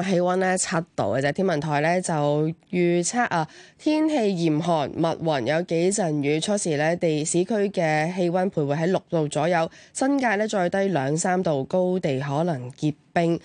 氣溫咧七度嘅啫，天文台咧就預測啊，天氣嚴寒，密雲有幾陣雨，初時咧地市區嘅氣溫徘徊喺六度左右，新界咧再低兩三度，高地可能結冰。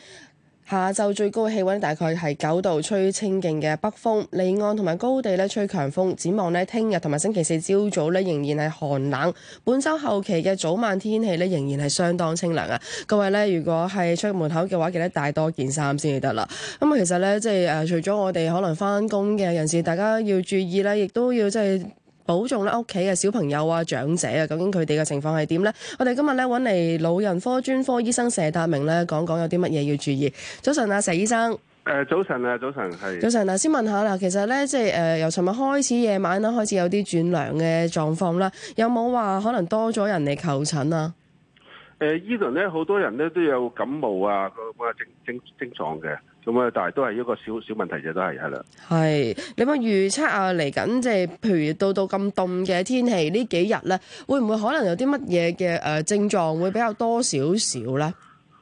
下晝最高氣溫大概係九度，吹清勁嘅北風，離岸同埋高地咧吹強風。展望咧，聽日同埋星期四朝早咧仍然係寒冷。本週後期嘅早晚天氣咧仍然係相當清涼啊！各位咧，如果係出門口嘅話，記得帶多件衫先至得啦。咁啊，其實咧，即係誒，除咗我哋可能翻工嘅人士，大家要注意咧，亦都要即係。保重啦！屋企嘅小朋友啊、長者啊，究竟佢哋嘅情況係點呢？我哋今日咧揾嚟老人科專科醫生佘達明咧講講有啲乜嘢要注意。早晨啊，佘醫生。誒、呃，早晨啊，早晨係。早晨啊，先問下啦，其實咧，即係誒，由尋日開始夜晚啦，開始有啲轉涼嘅狀況啦，有冇話可能多咗人嚟求診啊？誒、呃，依輪咧，好多人咧都有感冒啊，個個症症症狀嘅。呃咁啊，但係都係一個小小問題啫，就是，都係係啦。係，你有冇預測啊？嚟緊即係譬如到到咁凍嘅天氣幾天呢幾日咧，會唔會可能有啲乜嘢嘅誒症狀會比較多少少咧？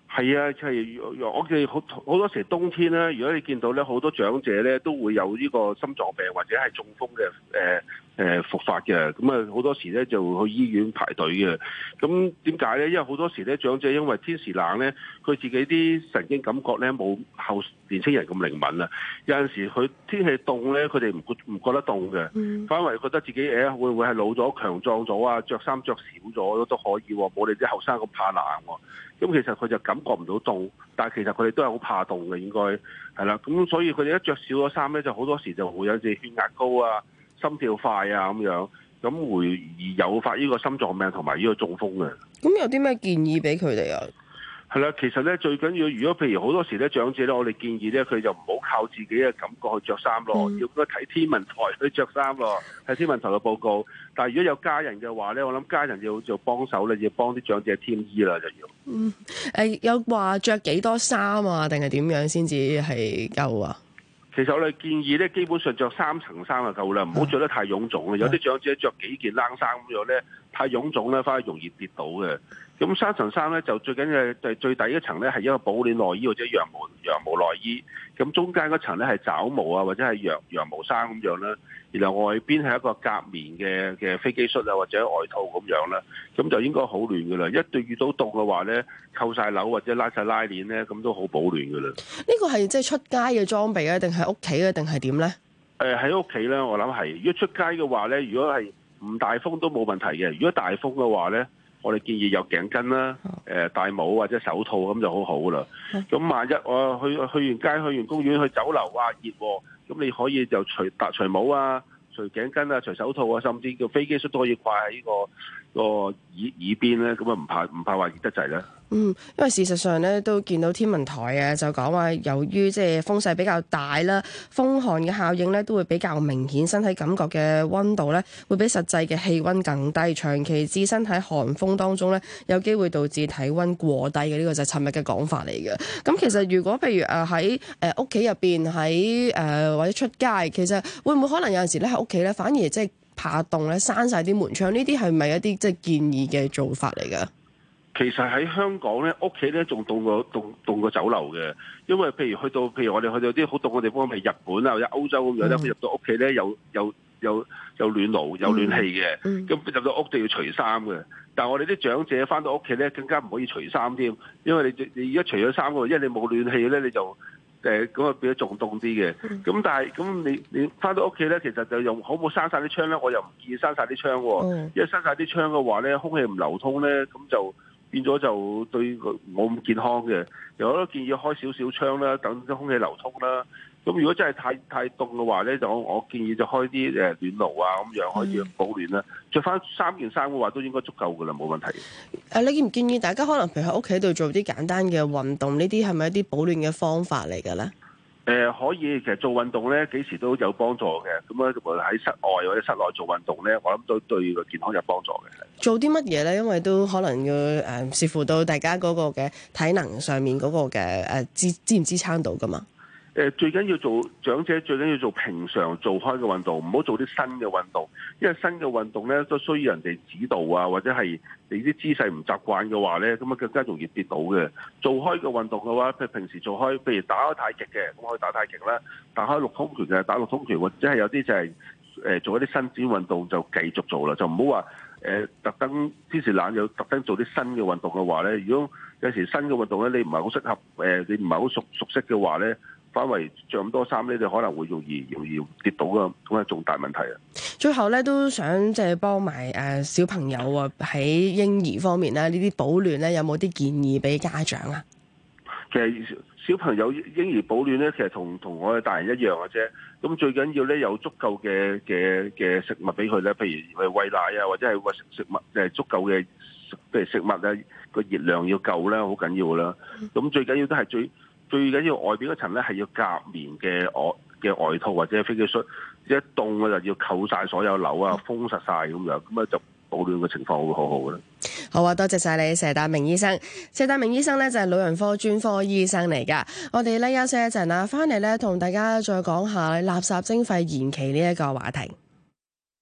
係啊，就係、是、我哋好好多時冬天咧，如果你見到咧，好多長者咧都會有呢個心臟病或者係中風嘅誒。呃誒、呃、復發嘅，咁啊好多時咧就會去醫院排隊嘅。咁點解咧？因為好多時咧長者因為天時冷咧，佢自己啲神經感覺咧冇後年青人咁靈敏啦。有陣時佢天氣凍咧，佢哋唔覺唔覺得凍嘅，反為覺得自己誒、欸、會唔會係老咗強壯咗啊？着衫着少咗都可以、哦，冇你啲後生咁怕冷、哦。咁其實佢就感覺唔到凍，但係其實佢哋都係好怕凍嘅，應該係啦。咁所以佢哋一着少咗衫咧，就好多時就會有隻血壓高啊。心跳快啊，咁樣咁會而誘發呢個心臟病同埋呢個中風嘅。咁有啲咩建議俾佢哋啊？係啦，其實咧最緊要，如果譬如好多時咧長者咧，我哋建議咧，佢就唔好靠自己嘅感覺去着衫咯，嗯、要睇天文台去着衫咯，睇天文台嘅報告。但係如果有家人嘅話咧，我諗家人就要就幫手咧，要幫啲長者添衣啦，就要。嗯，誒、呃，有話着幾多衫啊？定係點樣先至係夠啊？其實我哋建議咧，基本上着三層衫就夠啦，唔好着得太臃腫啊！有啲長者着幾件冷衫咁樣咧。太臃腫咧，反而容易跌倒嘅。咁三層衫咧，就最緊要就最底一層咧，係一個保暖內衣或者羊毛羊毛內衣。咁中間嗰層咧係抓毛啊，或者係羊羊毛衫咁樣啦。然後外邊係一個夾棉嘅嘅飛機恤啊，或者外套咁樣啦。咁就應該好暖噶啦。一對遇到凍嘅話咧，扣晒褸或者拉晒拉鏈咧，咁都好保暖噶啦。呢個係即係出街嘅裝備啊，定係屋企啊，定係點咧？誒喺屋企咧，我諗係。如果出街嘅話咧，如果係。唔大風都冇問題嘅，如果大風嘅話呢，我哋建議有頸巾啦，誒、呃、戴帽或者手套咁就好好啦。咁萬一我、啊、去去完街、去完公園、去酒樓、喔，哇熱喎，咁你可以就除除帽啊、除頸巾啊、除手套啊，甚至叫飛機恤都可以掛喺、呢個、呢個耳耳邊呢。咁啊唔怕唔怕話熱得滯咧。嗯，因為事實上咧都見到天文台啊，就講話由於即係風勢比較大啦，風寒嘅效應咧都會比較明顯，身體感覺嘅温度咧會比實際嘅氣温更低。長期置身喺寒風當中咧，有機會導致體温過低嘅呢、呢個就係尋日嘅講法嚟嘅。咁、嗯、其實如果譬如誒喺誒屋企入邊喺誒或者出街，其實會唔會可能有陣時咧喺屋企咧反而即係怕凍咧閂晒啲門窗呢啲係咪一啲即係建議嘅做法嚟噶？其實喺香港咧，屋企咧仲凍過凍凍過酒樓嘅，因為譬如去到譬如我哋去到啲好凍嘅地方，譬如日本啊或者歐洲咁樣咧，入到屋企咧有有有有暖爐有暖氣嘅，咁入到屋就要除衫嘅。但係我哋啲長者翻到屋企咧，更加唔可以除衫添，因為你你而家除咗衫嘅，因為你冇暖氣咧，你就誒咁啊變咗仲凍啲嘅。咁、嗯、但係咁你你翻到屋企咧，其實就用好唔好閂晒啲窗咧？我又唔建議閂晒啲窗喎，因為閂晒啲窗嘅話咧，空氣唔流通咧，咁就呢呢變咗就對佢冇咁健康嘅，有我都建議開少少窗啦，等啲空氣流通啦。咁如果真係太太凍嘅話咧，就我建議就開啲誒暖爐啊，咁樣可以保暖啦。着翻三件衫嘅話都應該足夠嘅啦，冇問題。誒、啊，你建唔建議大家可能譬如喺屋企度做啲簡單嘅運動，呢啲係咪一啲保暖嘅方法嚟嘅咧？誒、呃、可以，其實做運動咧幾時都有幫助嘅。咁啊，無論喺室外或者室內做運動咧，我諗都對個健康有幫助嘅。做啲乜嘢咧？因為都可能要誒視、呃、乎到大家嗰個嘅體能上面嗰個嘅誒支支唔支撐到噶嘛。誒，最緊要做長者，最緊要做平常做開嘅運動，唔好做啲新嘅運動。因為新嘅運動咧，都需要人哋指導啊，或者係你啲姿勢唔習慣嘅話咧，咁啊更加容易跌倒嘅。做開嘅運動嘅話，譬如平時做開，譬如打開太極嘅，咁可以打太極啦，打開六空拳嘅，打六空拳或者係有啲就係誒做一啲伸展運動就繼續做啦，就唔好話誒特登天時冷有特登做啲新嘅運動嘅話咧，如果有時新嘅運動咧，你唔係好適合誒，你唔係好熟熟悉嘅話咧。反為着咁多衫咧，就可能會容易容易跌倒。噶，咁係重大問題啊！最後咧，都想即係幫埋誒小朋友喎，喺嬰兒方面咧，呢啲保暖咧，有冇啲建議俾家長啊？其實小朋友嬰兒保暖咧，其實同同我哋大人一樣嘅啫。咁最緊要咧，有足夠嘅嘅嘅食物俾佢咧，譬如喂餵奶啊，或者係喂食食物誒，足夠嘅譬如食物啊，個熱量要夠啦，好緊要啦。咁、嗯、最緊要都係最。最緊要外邊嗰層咧，係要夾棉嘅外嘅外套或者飛機恤，一凍啊就要扣晒所有縫啊，封實晒。咁樣，咁啊就保暖嘅情況會好好嘅。好啊，多謝晒你佘達明醫生。佘達明醫生咧就係老人科專科醫生嚟噶，我哋咧休息一陣啊，翻嚟咧同大家再講下垃圾徵費延期呢一個話題。